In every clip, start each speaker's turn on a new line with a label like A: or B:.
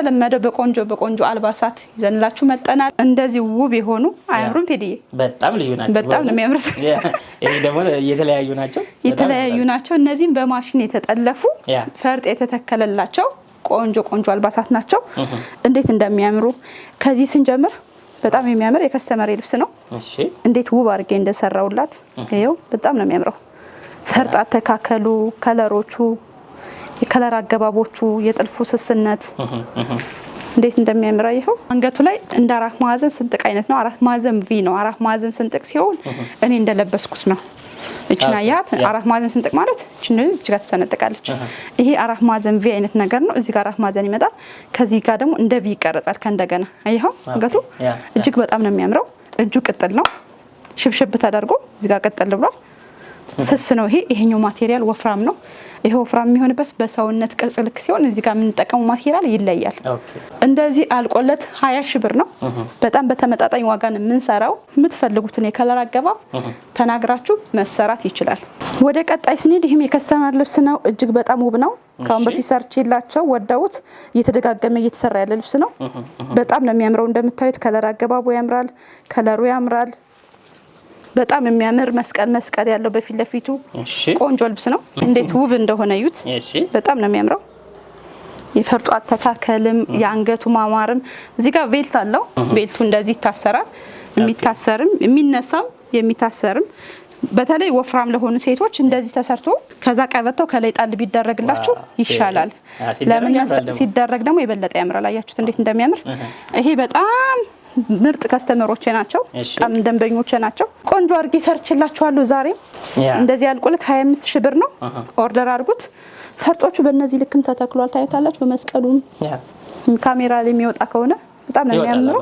A: እንደተለመደው በቆንጆ በቆንጆ አልባሳት ይዘንላችሁ መጠናል። እንደዚህ ውብ የሆኑ አያምሩም? ቴዲዬ
B: በጣም ልዩ ናቸው።
A: በጣም ነው የሚያምር።
B: ደግሞ የተለያዩ ናቸው፣
A: የተለያዩ ናቸው። እነዚህም በማሽን የተጠለፉ ፈርጥ የተተከለላቸው ቆንጆ ቆንጆ አልባሳት ናቸው። እንዴት እንደሚያምሩ ከዚህ ስንጀምር በጣም የሚያምር የከስተመሬ ልብስ ነው። እንዴት ውብ አድርጌ እንደሰራውላት ይኸው፣ በጣም ነው የሚያምረው። ፈርጥ አተካከሉ፣ ከለሮቹ የከለር አገባቦቹ፣ የጥልፉ ስስነት እንዴት እንደሚያምራ ይኸው። አንገቱ ላይ እንደ አራት ማዕዘን ስንጥቅ አይነት ነው። አራት ማዕዘን ቪ ነው። አራት ማዕዘን ስንጥቅ ሲሆን እኔ እንደለበስኩት ነው። እችና አያት አራት ማዕዘን ስንጥቅ ማለት እችን እዚህ ጋር ትሰነጥቃለች። ይሄ አራት ማዕዘን ቪ አይነት ነገር ነው። እዚህ ጋር አራት ማዕዘን ይመጣል። ከዚህ ጋር ደግሞ እንደ ቪ ይቀረጻል። ከእንደገና አይኸው አንገቱ እጅግ በጣም ነው የሚያምረው። እጁ ቅጥል ነው፣ ሽብሽብ ተደርጎ እዚህ ጋር ቅጥል ብሏል። ስስ ነው ይሄ። ይሄኛው ማቴሪያል ወፍራም ነው። ይሄ ወፍራም የሚሆንበት በሰውነት ቅርጽ ልክ ሲሆን እዚህ ጋር የምንጠቀሙ ማቴሪያል ይለያል። እንደዚህ አልቆለት ሀያ ሺ ብር ነው። በጣም በተመጣጣኝ ዋጋን የምንሰራው የምትፈልጉትን የከለር አገባብ ተናግራችሁ መሰራት ይችላል። ወደ ቀጣይ ስንሄድ ይህም የከስተመር ልብስ ነው። እጅግ በጣም ውብ ነው። ከአሁን በፊት ሰርች የላቸው ወዳውት እየተደጋገመ እየተሰራ ያለ ልብስ ነው። በጣም ነው የሚያምረው። እንደምታዩት ከለር አገባቡ ያምራል፣ ከለሩ ያምራል። በጣም የሚያምር መስቀል መስቀል ያለው በፊት ለፊቱ ቆንጆ ልብስ ነው። እንዴት ውብ እንደሆነ እዩት። በጣም ነው የሚያምረው። የፈርጡ አተካከልም የአንገቱ ማማርም እዚህ ጋር ቤልት አለው። ቤልቱ እንደዚህ ይታሰራል። የሚታሰርም የሚነሳም የሚታሰርም በተለይ ወፍራም ለሆኑ ሴቶች እንደዚህ ተሰርቶ ከዛ ቀበተው ከላይ ጣል ቢደረግላችሁ ይሻላል። ለምን ሲደረግ ደግሞ የበለጠ ያምራል። አያችሁት እንዴት እንደሚያምር ይሄ በጣም ምርጥ ከስተመሮቼ ናቸው፣ በጣም ደንበኞቼ ናቸው። ቆንጆ አድርጌ ሰርችላችኋለሁ። ዛሬም እንደዚህ ያልቁለት 25 ሺህ ብር ነው። ኦርደር አድርጉት። ፈርጦቹ በእነዚህ ልክም ተተክሏል። ታየታላችሁ፣ በመስቀሉም ካሜራ ላይ የሚወጣ ከሆነ በጣም ነው የሚያምረው።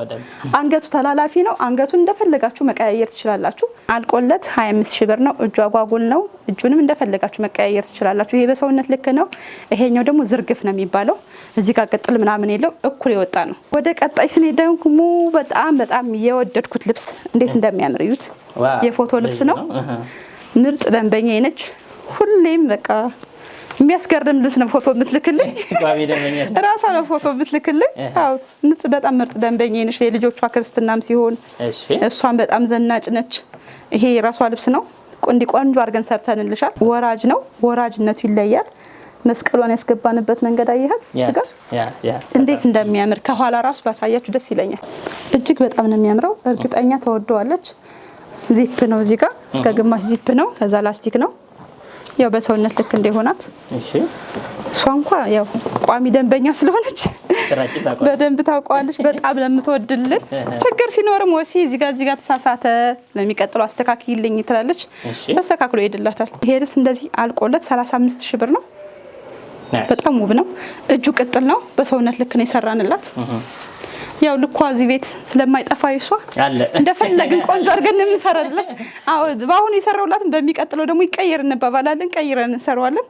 A: አንገቱ ተላላፊ ነው። አንገቱን እንደፈለጋችሁ መቀያየር ትችላላችሁ። አልቆለት 25 ሺህ ብር ነው። እጁ አጓጉል ነው። እጁንም እንደፈለጋችሁ መቀያየር ትችላላችሁ። ይሄ በሰውነት ልክ ነው። ይሄኛው ደግሞ ዝርግፍ ነው የሚባለው። እዚህ ጋር ቅጥል ምናምን የለው እኩል የወጣ ነው። ወደ ቀጣይ ስኔ ደግሞ በጣም በጣም የወደድኩት ልብስ እንዴት እንደሚያምር እዩት። የፎቶ ልብስ ነው። ምርጥ ደንበኛ ነች። ሁሌም በቃ የሚያስገርም ልብስ ነው ፎቶ የምትልክልኝ። ራሷ ነው ፎቶ የምትልክልኝ። ንጽ በጣም ምርጥ ደንበኛ ነሽ። የልጆቿ ክርስትናም ሲሆን እሷን በጣም ዘናጭ ነች። ይሄ የራሷ ልብስ ነው። እንዲ ቆንጆ አድርገን ሰርተንልሻል። ወራጅ ነው። ወራጅነቱ ይለያል። መስቀሏን ያስገባንበት መንገድ አየሃት እጅጋ እንዴት እንደሚያምር ከኋላ ራሱ ባሳያችሁ ደስ ይለኛል። እጅግ በጣም ነው የሚያምረው። እርግጠኛ ተወደዋለች። ዚፕ ነው እዚህ ጋር እስከ ግማሽ ዚፕ ነው። ከዛ ላስቲክ ነው ያው በሰውነት ልክ እንደሆናት እሺ። እሷ እንኳ ያው ቋሚ ደንበኛ ስለሆነች በደንብ ታውቀዋለች። በጣም ለምትወድልን ችግር ሲኖርም ወሲ እዚህ ጋር እዚህ ጋር ተሳሳተ፣ ለሚቀጥለው አስተካክይልኝ ትላለች። ተስተካክሎ ይሄድላታል። ይሄ ልብስ እንደዚህ አልቆለት 35 ሺህ ብር ነው። በጣም ውብ ነው። እጁ ቅጥል ነው። በሰውነት ልክ ነው የሰራንላት ያው ልኳ እዚህ ቤት ስለማይጠፋ ይሷ እንደፈለግን ቆንጆ አድርገን አዎ በአሁኑ የሰራውላትን በሚቀጥለው ደግሞ ይቀየር እንባባላለን፣ ቀይረን እንሰራዋለን።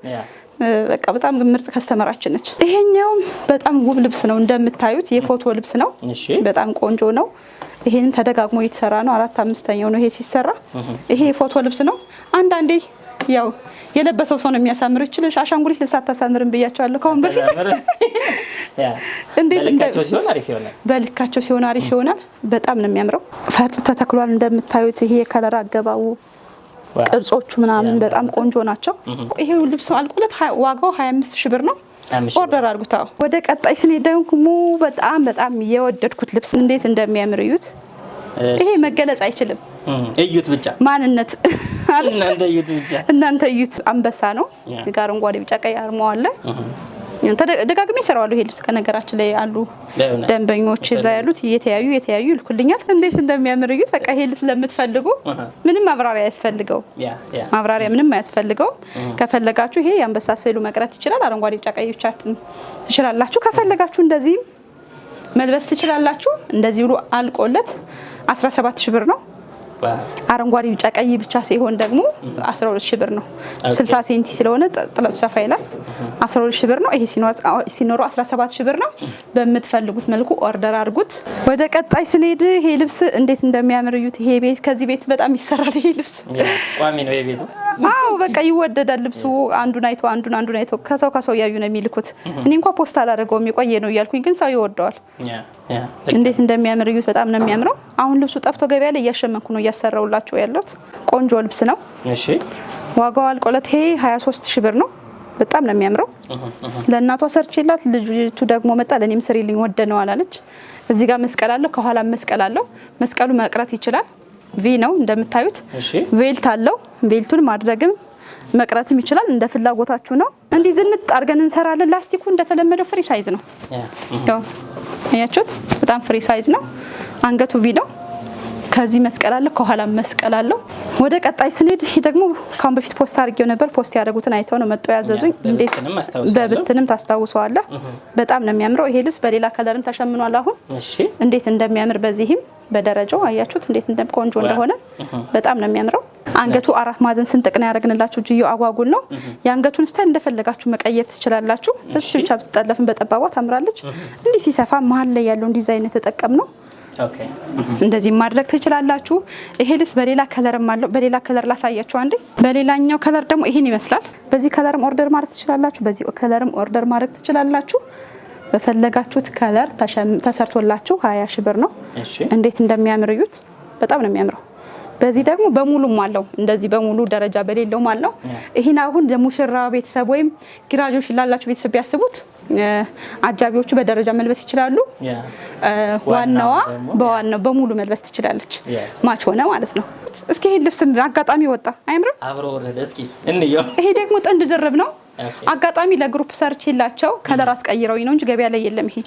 A: በቃ በጣም ምርጥ ከስተመራችን ነች። ይሄኛውም በጣም ውብ ልብስ ነው። እንደምታዩት የፎቶ ልብስ ነው። በጣም ቆንጆ ነው። ይሄንም ተደጋግሞ የተሰራ ነው። አራት አምስተኛው ነው ይሄ ሲሰራ። ይሄ የፎቶ ልብስ ነው። አንዳንዴ ያው የለበሰው ሰው ነው የሚያሳምር። ይችልሽ አሻንጉሊት ልሳታሳምርን ብያቸዋለሁ ከአሁን በፊት። በልካቸው ሲሆን አሪፍ ይሆናል። በጣም ነው የሚያምረው። ፈርጥ ተተክሏል እንደምታዩት። ይሄ የከለር አገባቡ ቅርጾቹ ምናምን በጣም ቆንጆ ናቸው። ይሄ ልብስ አልቆለት ዋጋው 25 ሺ ሺህ ብር ነው። ኦርደር አድርጉት። ወደ ቀጣይ ስኔ ደግሞ በጣም በጣም የወደድኩት ልብስ እንዴት እንደሚያምር እዩት። ይሄ መገለጽ አይችልም። እዩት ብቻ ማንነት
B: እናንተ እዩት ብቻ
A: እናንተ እዩት አንበሳ ነው። አረንጓዴ፣ ቢጫ፣ ቀይ አርማዋለ ደጋግሜ ይሰራዋሉ። ይሄ ልብስ ከነገራችን ላይ አሉ ደንበኞች እዛ ያሉት እየተያዩ የተያዩ ይልኩልኛል። እንዴት እንደሚያምር እዩት። በቃ ይሄ ልብስ ለምትፈልጉ ምንም ማብራሪያ አያስፈልገው፣ ማብራሪያ ምንም አያስፈልገው። ከፈለጋችሁ ይሄ የአንበሳ ስዕሉ መቅረት ይችላል። አረንጓዴ፣ ቢጫ፣ ቀይ ብቻትን ትችላላችሁ። ከፈለጋችሁ እንደዚህም መልበስ ትችላላችሁ። እንደዚህ ብሎ አልቆለት 17 ሺ ብር ነው። አረንጓዴ ቢጫ ቀይ ብቻ ሲሆን ደግሞ 12 ሺህ ብር ነው። 60 ሴንቲ ስለሆነ ጥለቱ ሰፋ ይላል። 12 ሺህ ብር ነው። ይሄ ሲኖሩ 17 ሺህ ብር ነው። በምትፈልጉት መልኩ ኦርደር አድርጉት። ወደ ቀጣይ ስንሄድ ይሄ ልብስ እንዴት እንደሚያምር እዩት። ይሄ ቤት ከዚህ ቤት በጣም ይሰራል። ይሄ ልብስ
B: ቋሚ ነው ቤቱ
A: አዎ በቃ ይወደዳል ልብሱ። አንዱን አይቶ አንዱን አንዱን አይቶ ከሰው ከሰው እያዩ ነው የሚልኩት። እኔ እንኳ ፖስት አላደርገውም የቆየ ነው እያልኩኝ፣ ግን ሰው ይወደዋል። እንዴት እንደሚያምር እዩት። በጣም ነው የሚያምረው። አሁን ልብሱ ጠፍቶ ገበያ ላይ እያሸመንኩ ነው እያሰራውላቸው ያለት ቆንጆ ልብስ ነው። እሺ ዋጋው አልቆለት ሄ 23 ሺ ብር ነው። በጣም ነው የሚያምረው። ለእናቷ ሰርቼላት ልጅቱ ደግሞ መጣ ለእኔም ስሪልኝ ነው አላለች። እዚህ ጋር መስቀል አለው፣ ከኋላ መስቀል አለው። መስቀሉ መቅረት ይችላል። ቪ ነው እንደምታዩት። ቬልት አለው። ቬልቱን ማድረግም መቅረትም ይችላል። እንደ ፍላጎታችሁ ነው። እንዲህ ዝንጥ አድርገን እንሰራለን። ላስቲኩ እንደተለመደው ፍሪ ሳይዝ ነው። አያችሁት? በጣም ፍሪ ሳይዝ ነው። አንገቱ ቪ ነው። ከዚህ መስቀል አለው፣ ከኋላ መስቀል አለው። ወደ ቀጣይ ስንሄድ ይህ ደግሞ ካሁን በፊት ፖስት አድርጌው ነበር። ፖስት ያደረጉትን አይተው ነው መጠው ያዘዙኝ። እንዴት በብትንም ታስታውሰዋለህ። በጣም ነው የሚያምረው ይሄ ልብስ። በሌላ ከለርም ተሸምኗል። አሁን እንዴት እንደሚያምር በዚህም በደረጃው አያችሁት፣ እንዴት ቆንጆ እንደሆነ በጣም ነው የሚያምረው። አንገቱ አራት ማዕዘን ስንጥቅ ነው ያደረግንላችሁ። እጅዮ አጓጉል ነው። የአንገቱን ስታይል እንደፈለጋችሁ መቀየር ትችላላችሁ። እሺ ብቻ ብትጠለፍን በጠባቧ ታምራለች። እንዲህ ሲሰፋ መሀል ላይ ያለውን ዲዛይን የተጠቀም ነው። እንደዚህ ማድረግ ትችላላችሁ። ይሄ ልብስ በሌላ ከለርም አለው። በሌላ ከለር ላሳያችሁ አንዴ። በሌላኛው ከለር ደግሞ ይሄን ይመስላል። በዚህ ከለርም ኦርደር ማድረግ ትችላላችሁ። በዚህ ከለርም ኦርደር ማድረግ ትችላላችሁ። በፈለጋችሁት ከለር ተሰርቶላችሁ ሀያ ሺህ ብር ነው። እንዴት እንደሚያምር እዩት። በጣም ነው የሚያምረው። በዚህ ደግሞ በሙሉም አለው እንደዚህ በሙሉ ደረጃ በሌለውም አለው። ይህን አሁን ለሙሽራ ቤተሰብ ወይም ግራጆች ላላቸው ቤተሰብ ቢያስቡት አጃቢዎቹ በደረጃ መልበስ ይችላሉ። ዋናዋ በዋናው በሙሉ መልበስ ትችላለች። ማች ሆነ ማለት ነው። እስኪ ይህን ልብስ አጋጣሚ ወጣ አይምርም?
B: አብሮ ወረደ። እስኪ እንየው።
A: ይሄ ደግሞ ጥንድ ድርብ ነው። አጋጣሚ ለግሩፕ ሰርች የላቸው ከለር mm-hmm. አስቀይረውኝ ነው እንጂ ገበያ ላይ የለም። ይሄ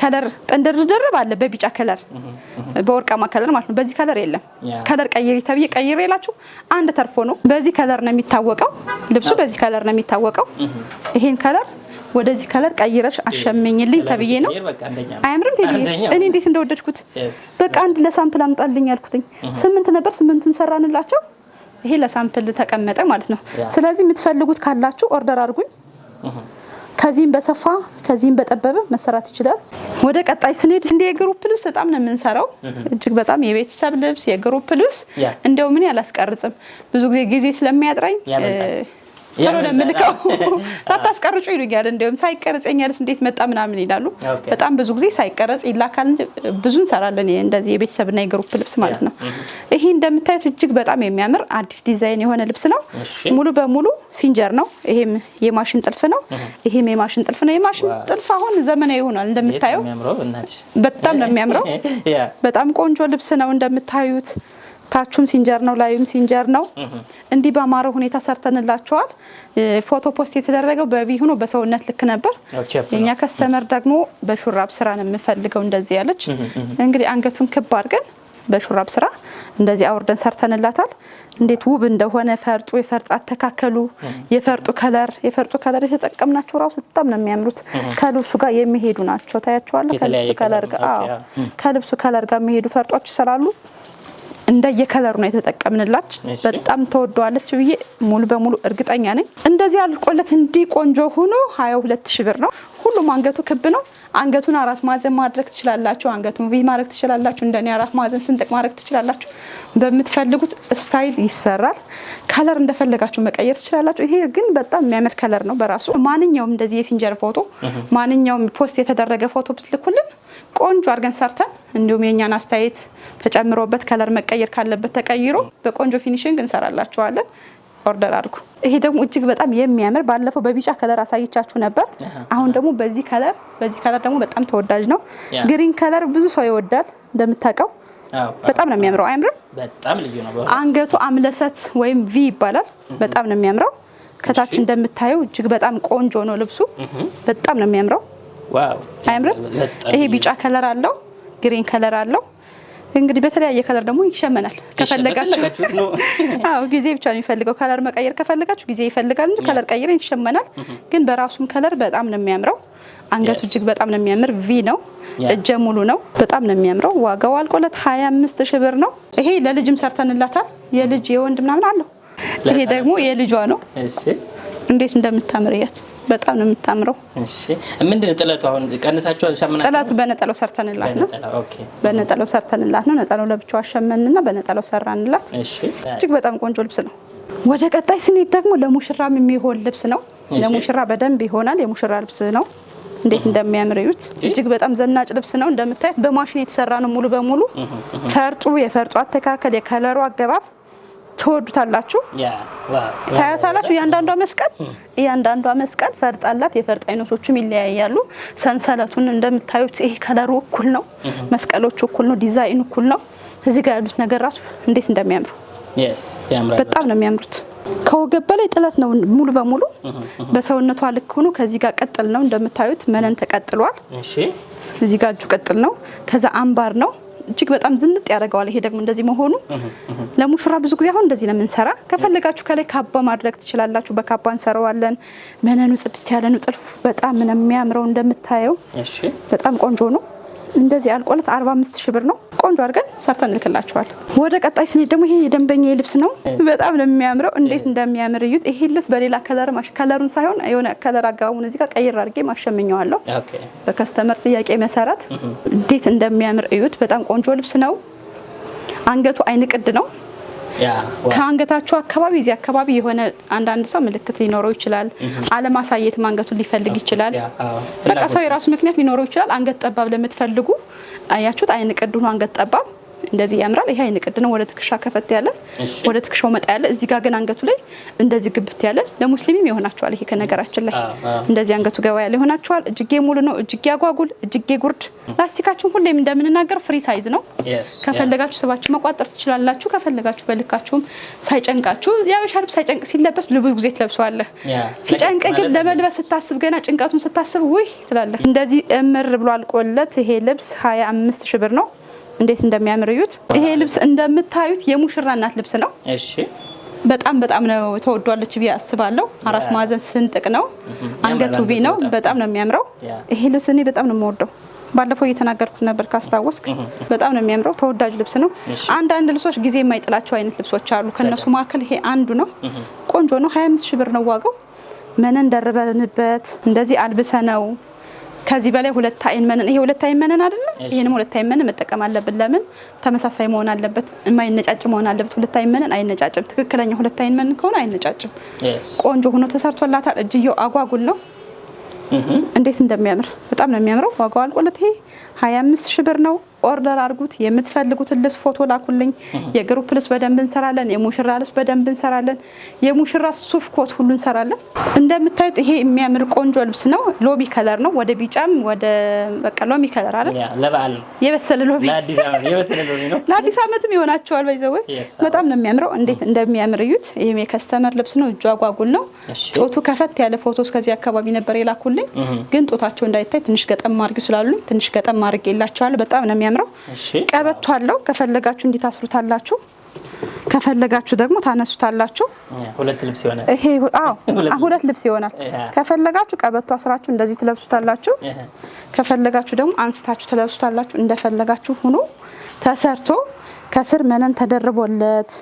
A: ከለር ጥንድርድርብ አለ በቢጫ ከለር፣ mm-hmm. Mm-hmm. በወርቃማ ከለር ማለት ነው። በዚህ ከለር የለም። ከለር ቀይሬ ተብዬ ቀይሬ የላችሁ አንድ ተርፎ ነው። በዚህ ከለር ነው የሚታወቀው ልብሱ፣ በዚህ ከለር ነው የሚታወቀው። ይሄን ከለር ወደዚህ ከለር ቀይረሽ አሸመኝልኝ ተብዬ ነው። አያምርም እኔ እንዴት እንደወደድኩት በቃ አንድ ለሳምፕል አምጣልኝ ያልኩትኝ ስምንት ነበር። ስምንቱን ሰራንላቸው። ይሄ ለሳምፕል ተቀመጠ ማለት ነው። ስለዚህ የምትፈልጉት ካላችሁ ኦርደር አድርጉኝ። ከዚህም በሰፋ ከዚህም በጠበበ መሰራት ይችላል። ወደ ቀጣይ ስንሄድ እንደ የግሩፕ ልብስ በጣም ነው የምንሰራው፣ እጅግ በጣም የቤተሰብ ልብስ፣ የግሩፕ ልብስ እንደው ምን ያላስቀርጽም ብዙ ጊዜ ጊዜ ስለሚያጥረኝ ቶሎ ነው የምልከው ሳታስቀርጩ ይሉኛል። እንዲሁም ሳይቀረጽ የኛልስ እንዴት መጣ ምናምን ይላሉ። በጣም ብዙ ጊዜ ሳይቀረጽ ይላካል ብዙ እንሰራለን፣ እንደዚህ የቤተሰብና የግሩፕ ልብስ ማለት ነው። ይሄ እንደምታዩት እጅግ በጣም የሚያምር አዲስ ዲዛይን የሆነ ልብስ ነው። ሙሉ በሙሉ ሲንጀር ነው። ይሄም የማሽን ጥልፍ ነው። ይሄም የማሽን ጥልፍ ነው። የማሽን ጥልፍ አሁን ዘመናዊ ይሆናል። እንደምታየው በጣም ነው የሚያምረው። በጣም ቆንጆ ልብስ ነው እንደምታዩት ታቹም ሲንጀር ነው፣ ላዩም ሲንጀር ነው። እንዲህ በአማረ ሁኔታ ሰርተንላቸዋል። ፎቶ ፖስት የተደረገው በቪ ሆኖ በሰውነት ልክ ነበር። እኛ ከስተመር ደግሞ በሹራብ ስራ ነው የምፈልገው እንደዚህ ያለች እንግዲህ አንገቱን ክብ አድርገን በሹራብ ስራ እንደዚህ አውርደን ሰርተንላታል። እንዴት ውብ እንደሆነ ፈርጡ፣ የፈርጥ አተካከሉ፣ የፈርጡ ከለር የፈርጡ ከለር የተጠቀምናቸው ራሱ በጣም ነው የሚያምሩት። ከልብሱ ጋር የሚሄዱ ናቸው። ታያቸዋለህ። ከልብሱ ከለር ጋር የሚሄዱ ፈርጦች ስላሉ እንደየከለሩ ነው የተጠቀምንላች። በጣም ተወደዋለች ብዬ ሙሉ በሙሉ እርግጠኛ ነኝ። እንደዚህ አልቆለት እንዲህ ቆንጆ ሆኖ ሀያ ሁለት ሺ ብር ነው። ሁሉም አንገቱ ክብ ነው። አንገቱን አራት ማዕዘን ማድረግ ትችላላችሁ። አንገቱን ቪ ማድረግ ትችላላችሁ። እንደኔ አራት ማዕዘን ስንጥቅ ማድረግ ትችላላችሁ። በምትፈልጉት ስታይል ይሰራል። ከለር እንደፈለጋችሁ መቀየር ትችላላችሁ። ይሄ ግን በጣም የሚያምር ከለር ነው በራሱ። ማንኛውም እንደዚህ የሲንጀር ፎቶ ማንኛውም ፖስት የተደረገ ፎቶ ብትልኩልን ቆንጆ አድርገን ሰርተን እንዲሁም የእኛን አስተያየት ተጨምሮበት ከለር መቀየር ካለበት ተቀይሮ በቆንጆ ፊኒሽንግ እንሰራላችኋለን። ኦርደር አድርጉ። ይሄ ደግሞ እጅግ በጣም የሚያምር ባለፈው በቢጫ ከለር አሳይቻችሁ ነበር። አሁን ደግሞ በዚህ ከለር በዚህ ከለር ደግሞ በጣም ተወዳጅ ነው። ግሪን ከለር ብዙ ሰው ይወዳል እንደምታውቀው። በጣም ነው የሚያምረው። አያምርም?
B: በጣም ልዩ ነው።
A: አንገቱ አምለሰት ወይም ቪ ይባላል። በጣም ነው የሚያምረው። ከታች እንደምታየው እጅግ በጣም ቆንጆ ነው ልብሱ። በጣም ነው የሚያምረው። አያምርም? ይሄ ቢጫ ከለር አለው፣ ግሪን ከለር አለው። እንግዲህ በተለያየ ከለር ደግሞ ይሸመናል። ከፈለጋችሁ አዎ፣ ጊዜ ብቻ ነው የሚፈልገው። ከለር መቀየር ከፈለጋችሁ ጊዜ ይፈልጋል እንጂ ከለር ቀይረን ይሸመናል። ግን በራሱም ከለር በጣም ነው የሚያምረው። አንገቱ እጅግ በጣም ነው የሚያምር። ቪ ነው፣ እጀ ሙሉ ነው። በጣም ነው የሚያምረው። ዋጋው አልቆለት 25 ሺህ ብር ነው። ይሄ ለልጅም ሰርተንላታል። የልጅ የወንድ ምናምን አለው። ይሄ ደግሞ የልጇ ነው። እንዴት እንደምታምር እያት በጣም ነው የምታምረው።
B: እሺ ምንድን ጥለቱ? አሁን ቀንሳችሁ ሸመና?
A: ጥለቱ በነጠለው ሰርተንላት ነው። በነጠለው ሰርተንላት ነው። ነጠለው ለብቻው አሸመንና በነጠለው ሰራንላት። እሺ እጅግ በጣም ቆንጆ ልብስ ነው። ወደ ቀጣይ ስንሄድ ደግሞ ለሙሽራም የሚሆን ልብስ ነው። ለሙሽራ በደንብ ይሆናል። የሙሽራ ልብስ ነው። እንዴት እንደሚያምር እዩት። እጅግ በጣም ዘናጭ ልብስ ነው። እንደምታዩት በማሽን የተሰራ ነው ሙሉ በሙሉ ፈርጡ፣ የፈርጡ አተካከል፣ የከለሩ አገባብ ትወዱታላችሁ፣ ታያታላችሁ። እያንዳንዷ መስቀል እያንዳንዷ መስቀል ፈርጥ አላት። የፈርጥ አይነቶቹም ይለያያሉ። ሰንሰለቱን እንደምታዩት ይሄ ከለሩ እኩል ነው፣ መስቀሎቹ እኩል ነው፣ ዲዛይን እኩል ነው። እዚህ ጋር ያሉት ነገር ራሱ እንዴት እንደሚያምሩ በጣም ነው የሚያምሩት። ከወገብ በላይ ጥለት ነው ሙሉ በሙሉ በሰውነቷ ልክ ሆኖ ከዚህ ጋር ቀጥል ነው እንደምታዩት መነን ተቀጥሏል። እዚህ ጋር እጁ ቀጥል ነው። ከዛ አምባር ነው እጅግ በጣም ዝንጥ ያደርገዋል። ይሄ ደግሞ እንደዚህ መሆኑ ለሙሽራ ብዙ ጊዜ አሁን እንደዚህ ነው የምንሰራ። ከፈለጋችሁ ከላይ ካባ ማድረግ ትችላላችሁ። በካባ እንሰራዋለን። መነኑ ጽድት ያለ ነው። ጥልፍ በጣም ነው የሚያምረው እንደምታየው፣ በጣም ቆንጆ ነው። እንደዚህ አልቆለት 45 ሺ ብር ነው። ቆንጆ አድርገን ሰርተን ልክላቸዋል። ወደ ቀጣይ ስኔ ደግሞ ይሄ የደንበኛ ልብስ ነው። በጣም ነው የሚያምረው። እንዴት እንደሚያምር እዩት። ይሄ ልብስ በሌላ ከለር ከለሩን ሳይሆን የሆነ ከለር አጋባቡን እዚህ ጋር ቀይር አድርጌ ማሸመኘዋለሁ። በከስተመር ጥያቄ መሰረት እንዴት እንደሚያምር እዩት። በጣም ቆንጆ ልብስ ነው። አንገቱ አይን ቅድ ነው። ከአንገታችሁ አካባቢ እዚህ አካባቢ የሆነ አንዳንድ ሰው ምልክት ሊኖረው ይችላል። አለማሳየትም አንገቱን ሊፈልግ ይችላል። በቃ ሰው የራሱ ምክንያት ሊኖረው ይችላል። አንገት ጠባብ ለምትፈልጉ አያችሁት፣ አይን ቅዱ አንገት ጠባብ እንደዚህ ያምራል። ይሄ አይን ቅድ ነው። ወደ ትከሻ ከፈት ያለ ወደ ትከሻው መጣ ያለ፣ እዚህ ጋር ግን አንገቱ ላይ እንደዚህ ግብት ያለ ለሙስሊምም ይሆናቸዋል። ይሄ ከነገራችን ላይ እንደዚህ አንገቱ ገባ ያለ ይሆናቸዋል። እጅጌ ሙሉ ነው። እጅጌ አጓጉል፣ እጅጌ ጉርድ። ላስቲካችን ሁሌም እንደምንናገር ፍሪ ሳይዝ ነው። ከፈለጋችሁ ስባችሁ መቋጠር ትችላላችሁ። ከፈለጋችሁ በልካችሁም ሳይጨንቃችሁ፣ የሀበሻ ልብስ ሳይጨንቅ ሲለበስ ብዙ ጊዜ ትለብሰዋለህ። ሲጨንቅ ግን ለመልበስ ስታስብ ገና ጭንቀቱን ስታስብ ውይ ትላለህ። እንደዚህ እምር ብሎ አልቆለት ይሄ ልብስ ሀያ አምስት ሺ ብር ነው። እንዴት እንደሚያምር እዩት። ይሄ ልብስ እንደምታዩት የሙሽራ እናት ልብስ ነው። እሺ በጣም በጣም ነው ተወዷለች ብዬ አስባለሁ። አራት ማዕዘን ስንጥቅ ነው፣ አንገቱ ቢ ነው። በጣም ነው የሚያምረው ይሄ ልብስ። እኔ በጣም ነው የምወደው። ባለፈው እየተናገርኩት ነበር ካስታወስክ። በጣም ነው የሚያምረው፣ ተወዳጅ ልብስ ነው። አንዳንድ ልብሶች ጊዜ የማይጥላቸው አይነት ልብሶች አሉ። ከነሱ መካከል ይሄ አንዱ ነው። ቆንጆ ነው። 25 ሺህ ብር ነው ዋጋው። መነን ደርበንበት እንደዚህ አልብሰ ነው ከዚህ በላይ ሁለት አይን መነን ይሄ ሁለት አይን መነን አይደለም። ይሄንም ሁለት አይን መነን መጠቀም አለብን። ለምን ተመሳሳይ መሆን አለበት፣ የማይነጫጭ መሆን አለበት። ሁለት አይን መነን አይነጫጭም። ትክክለኛ ሁለት አይን መነን ከሆነ አይነጫጭም። ቆንጆ ሆኖ ተሰርቶላታል። እጅየው አጓጉል ነው። እንዴት እንደሚያምር በጣም ነው የሚያምረው። ዋጋው አልቆለት ይሄ 25 ሺህ ብር ነው። ኦርደር አድርጉት። የምትፈልጉትን ልብስ ፎቶ ላኩልኝ። የግሩፕ ልብስ በደንብ እንሰራለን። የሙሽራ ልብስ በደንብ እንሰራለን። የሙሽራ ሱፍ ኮት ሁሉ እንሰራለን። እንደምታዩት ይሄ የሚያምር ቆንጆ ልብስ ነው። ሎቢ ከለር ነው። ወደ ቢጫም ወደ በቃ ሎሚ ከለር አይደል? ለበዓል የበሰለ ሎሚ ለአዲስ ይሆናቸዋል። ባይዘው በጣም ነው የሚያምረው። እንዴት እንደሚያምር እዩት። ይህም የከስተመር ልብስ ነው። እጁ አጓጉል ነው። ጦቱ ከፈት ያለ ፎቶ እስከዚህ አካባቢ ነበር የላኩልኝ፣ ግን ጦታቸው እንዳይታይ ትንሽ ገጠም አድርጊው ስላሉኝ ትንሽ ገጠም የላቸዋል። በጣም ነው የሚያምረው። ቀበቶ አለው። ከፈለጋችሁ እንዲታስሩታላችሁ ከፈለጋችሁ ደግሞ ታነሱታላችሁ።
B: ሁለት ልብስ ይሆናል
A: ይሄ። አዎ ሁለት ልብስ ይሆናል። ከፈለጋችሁ ቀበቶ አስራችሁ እንደዚህ ትለብሱታላችሁ። ከፈለጋችሁ ደግሞ አንስታችሁ ትለብሱታላችሁ። እንደፈለጋችሁ ሁኖ ተሰርቶ ከስር መነን ተደርቦለት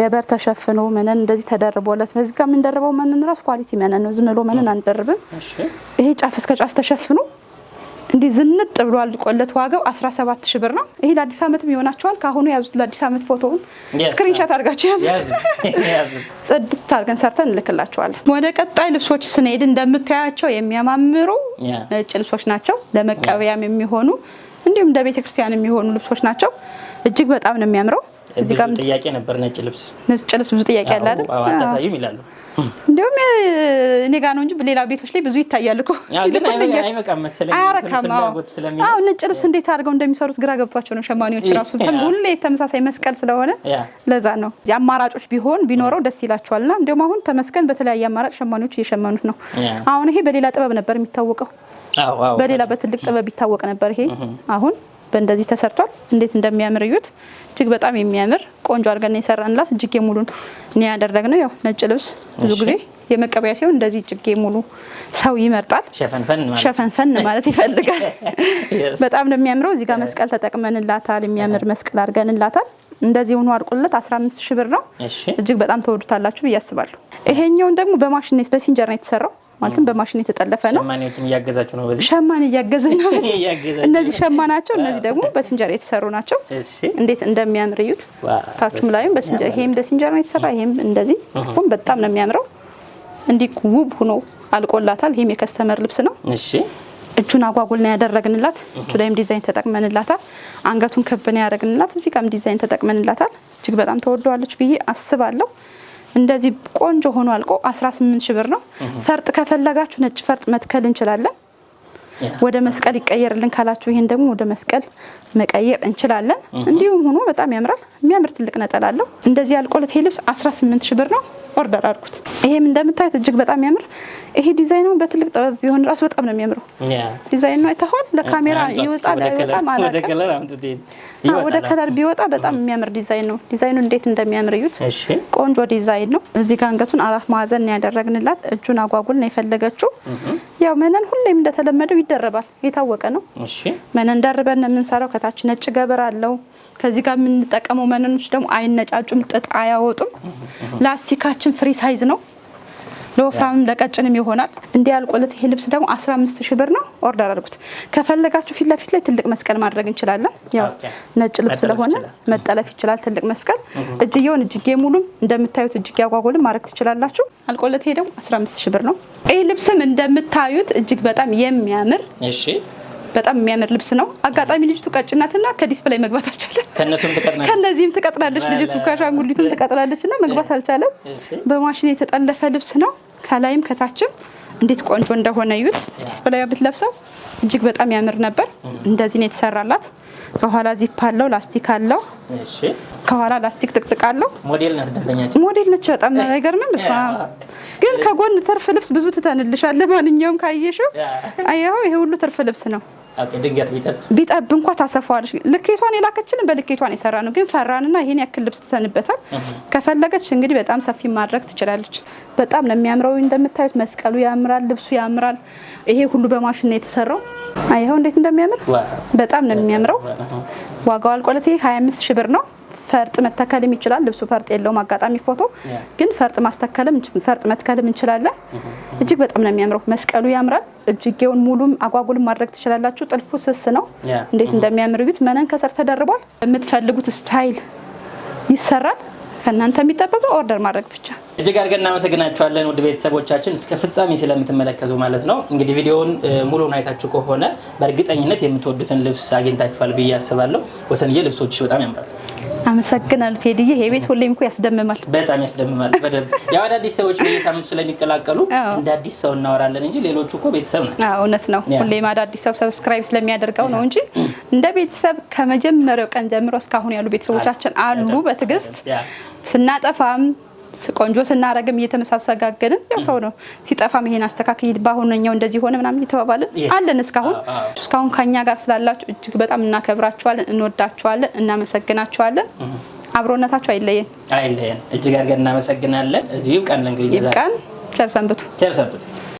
A: ገበር ተሸፍኖ መነን እንደዚህ ተደርቦለት። በዚህ ጋር የምንደርበው መነን ራሱ ኳሊቲ መነን ነው። ዝም ብሎ መነን አንደርብም። ይሄ ጫፍ እስከ ጫፍ ተሸፍኖ እንዲህ ዝንጥ ብሏል። ቆለት ዋጋው 17 ሺህ ብር ነው። ይሄ ለአዲስ ዓመትም ይሆናቸዋል። ከአሁኑ ያዙት። ለአዲስ ዓመት ፎቶውን ስክሪንሻት አድርጋቸው ያዙት። ጽድት አድርገን ሰርተን እንልክላቸዋለን። ወደ ቀጣይ ልብሶች ስንሄድ እንደምታያቸው የሚያማምሩ ነጭ ልብሶች ናቸው። ለመቀበያም የሚሆኑ እንዲሁም ለቤተክርስቲያን የሚሆኑ ልብሶች ናቸው። እጅግ በጣም ነው የሚያምረው።
B: እዚህ ጥያቄ ነበር። ነጭ ልብስ
A: ነጭ ልብስ ብዙ ጥያቄ አለ አይደል?
B: አዎ አታሳዩም ይላሉ።
A: እንዲሁም እኔ ጋር ነው እንጂ ሌላ ቤቶች ላይ ብዙ ይታያል እኮ ግን ነጭ ልብስ እንዴት አድርገው እንደሚሰሩት ግራ ገብቷቸው ነው ሸማኔዎች ራሱ። ሁሌ ተመሳሳይ መስቀል ስለሆነ ለዛ ነው። አማራጮች ቢሆን ቢኖረው ደስ ይላቸዋልና እንዲሁም አሁን ተመስገን በተለያየ አማራጭ ሸማኔዎች እየሸመኑት ነው። አሁን ይሄ በሌላ ጥበብ ነበር የሚታወቀው፣ በሌላ በትልቅ ጥበብ ይታወቅ ነበር። ይሄ አሁን በእንደዚህ ተሰርቷል። እንዴት እንደሚያምር እዩት። እጅግ በጣም የሚያምር ቆንጆ አድርገን የሰራንላት እጅጌ ሙሉን ነው ያደረግነው። ያው ነጭ ልብስ ብዙ ጊዜ የመቀበያ ሲሆን እንደዚህ እጅጌ ሙሉ ሰው ይመርጣል። ሸፈንፈን ማለት ይፈልጋል። በጣም ነው የሚያምረው። እዚህ ጋር መስቀል ተጠቅመንላታል። የሚያምር መስቀል አድርገንላታል። እንደዚህ ሆኖ አርቆለት 15 ሺህ ብር ነው። እጅግ በጣም ተወዱታላችሁ ብዬ አስባለሁ። ይሄኛውን ደግሞ በማሽን በሲንጀር ነው የተሰራው ማለትም በማሽን የተጠለፈ ነው። ሸማኔ እያገዘ ነው። እነዚህ ሸማ ናቸው። እነዚህ ደግሞ በስንጀር የተሰሩ ናቸው። እንዴት እንደሚያምር እዩት። ታችም ላይም ይሄም በሲንጀር ነው የተሰራ። ይሄም እንደዚህ ሁም በጣም ነው የሚያምረው። እንዲህ ውብ ሆኖ አልቆላታል። ይሄም የከስተመር ልብስ ነው። እጁን አጓጉል ነው ያደረግንላት። እጁ ላይም ዲዛይን ተጠቅመንላታል። አንገቱን ክብ ነው ያደረግንላት። እዚህ ጋርም ዲዛይን ተጠቅመንላታል። እጅግ በጣም ተወደዋለች ብዬ አስባለሁ። እንደዚህ ቆንጆ ሆኖ አልቆ 18 ሺህ ብር ነው። ፈርጥ ከፈለጋችሁ ነጭ ፈርጥ መትከል እንችላለን። ወደ መስቀል ይቀየርልን ካላችሁ ይሄን ደግሞ ወደ መስቀል መቀየር እንችላለን። እንዲሁም ሆኖ በጣም ያምራል። የሚያምር ትልቅ ነጠላ አለው። እንደዚህ አልቆ ይሄ ልብስ 18 ሺህ ብር ነው። ኦርደር አድርጉት። ይሄም እንደምታዩት እጅግ በጣም ያምር። ይሄ ዲዛይኑ በትልቅ ጥበብ ቢሆን ራሱ በጣም ነው የሚያምረው። ዲዛይኑ አይተኸዋል። ለካሜራ ይወጣ በጣም ወደ ከለር ቢወጣ በጣም የሚያምር ዲዛይን ነው። ዲዛይኑ እንዴት እንደሚያምር እዩት። ቆንጆ ዲዛይን ነው። እዚህ ጋር አንገቱን አራት ማዕዘን ያደረግንላት እጁን አጓጉል ነው የፈለገችው። ያው መነን ሁሌም እንደተለመደው ይደረባል፣ የታወቀ ነው። መነን ደርበን ነው የምንሰራው። ከታች ነጭ ገበር አለው። ከዚህ ጋር የምንጠቀመው መነኖች ደግሞ አይነጫጩም፣ ጥጥ አያወጡም። ላስቲካች ልብሳችን ፍሪ ሳይዝ ነው። ለወፍራምም ለቀጭንም ይሆናል። እንዲ ያልቆለት ይሄ ልብስ ደግሞ 15 ሺህ ብር ነው። ኦርደር አድርጉት። ከፈለጋችሁ ፊት ለፊት ላይ ትልቅ መስቀል ማድረግ እንችላለን። ያው ነጭ ልብስ ስለሆነ መጠለፍ ይችላል። ትልቅ መስቀል እጅየውን፣ እጅጌ ሙሉም እንደምታዩት እጅጌ አጓጉልም ማድረግ ትችላላችሁ። አልቆለት ይሄ ደግሞ 15 ሺህ ብር ነው። ይህ ልብስም እንደምታዩት እጅግ በጣም የሚያምር በጣም የሚያምር ልብስ ነው። አጋጣሚ ልጅቱ ቀጭናትና ከዲስፕላይ መግባት አልቻለም። ከነዚህም ትቀጥላለች ልጅቱ ከአሻንጉሊቱም ትቀጥላለች እና መግባት አልቻለም። በማሽን የተጠለፈ ልብስ ነው። ከላይም ከታችም እንዴት ቆንጆ እንደሆነ ዩት ዲስፕላይ ብትለብሰው እጅግ በጣም ያምር ነበር። እንደዚህ ነው የተሰራላት። ከኋላ ዚፕ አለው፣ ላስቲክ አለው። ከኋላ ላስቲክ ጥቅጥቅ አለው። ሞዴል ነች፣ ሞዴል ነች። በጣም አይገርምም? ግን ከጎን ትርፍ ልብስ ብዙ ትተንልሻል። ለማንኛውም ካየሽው፣ አያው ይሄ ሁሉ ትርፍ ልብስ ነው። ድንገት ቢጠብ እንኳ ታሰፋዋለች። ልኬቷን የላከችልን በልኬቷን የሰራ ነው፣ ግን ፈራንና ይሄን ያክል ልብስ ትሰንበታል። ከፈለገች እንግዲህ በጣም ሰፊ ማድረግ ትችላለች። በጣም ነው የሚያምረው። እንደምታዩት መስቀሉ ያምራል፣ ልብሱ ያምራል። ይሄ ሁሉ በማሽን ነው የተሰራው። አይኸው እንዴት እንደሚያምር በጣም ነው የሚያምረው። ዋጋው አልቆለት 25 ሺ ብር ነው። ፈርጥ መተከልም ይችላል። ልብሱ ፈርጥ የለውም አጋጣሚ ፎቶ ግን ፈርጥ ማስተከልም ፈርጥ መትከልም እንችላለን። እጅግ በጣም ነው የሚያምረው። መስቀሉ ያምራል። እጅጌውን ሙሉም አጓጉልም ማድረግ ትችላላችሁ። ጥልፉ ስስ ነው። እንዴት እንደሚያምር እዩት። መነን ከስር ተደርቧል። የምትፈልጉት ስታይል ይሰራል። ከእናንተ የሚጠበቀው ኦርደር ማድረግ ብቻ።
B: እጅግ አድርገን እናመሰግናችኋለን ውድ ቤተሰቦቻችን እስከ ፍጻሜ ስለምትመለከቱ ማለት ነው። እንግዲህ ቪዲዮውን ሙሉ አይታችሁ ከሆነ በእርግጠኝነት የምትወዱትን ልብስ አግኝታችኋል ብዬ አስባለሁ። ወሰንዬ ልብሶች በጣም ያምራሉ።
A: አመሰግናለሁ ቴዲዬ። ይሄ ቤት ሁሌም እኮ ያስደምማል፣
B: በጣም ያስደምማል። በደንብ ያው አዳዲስ ሰዎች በየሳምንቱ ስለሚቀላቀሉ እንደ አዲስ ሰው እናወራለን እንጂ ሌሎቹ እኮ ቤተሰብ ነው።
A: እውነት ነው። ሁሌም አዳዲስ ሰው ሰብስክራይብ ስለሚያደርገው ነው እንጂ እንደ ቤተሰብ ከመጀመሪያው ቀን ጀምሮ እስካሁን ያሉ ቤተሰቦቻችን አሉ። በትዕግስት ስናጠፋም ቆንጆ ስናረግም እየተመሳሰጋገንም ያው ሰው ነው ሲጠፋም ይሄን አስተካክል ባሁነኛው እንደዚህ ሆነ ምናምን እየተባባልን አለን። እስካሁን እስካሁን ከኛ ጋር ስላላችሁ እጅግ በጣም እናከብራችኋለን፣ እንወዳችኋለን፣ እናመሰግናችኋለን። አብሮነታችሁ አይለየን
B: አይለየን። እጅግ አድርገን እናመሰግናለን። እዚሁ ይብቃን። እንግዲህ
A: ይብቃን። ቸር ሰንብቱ።
B: ቸር ሰንብቱ።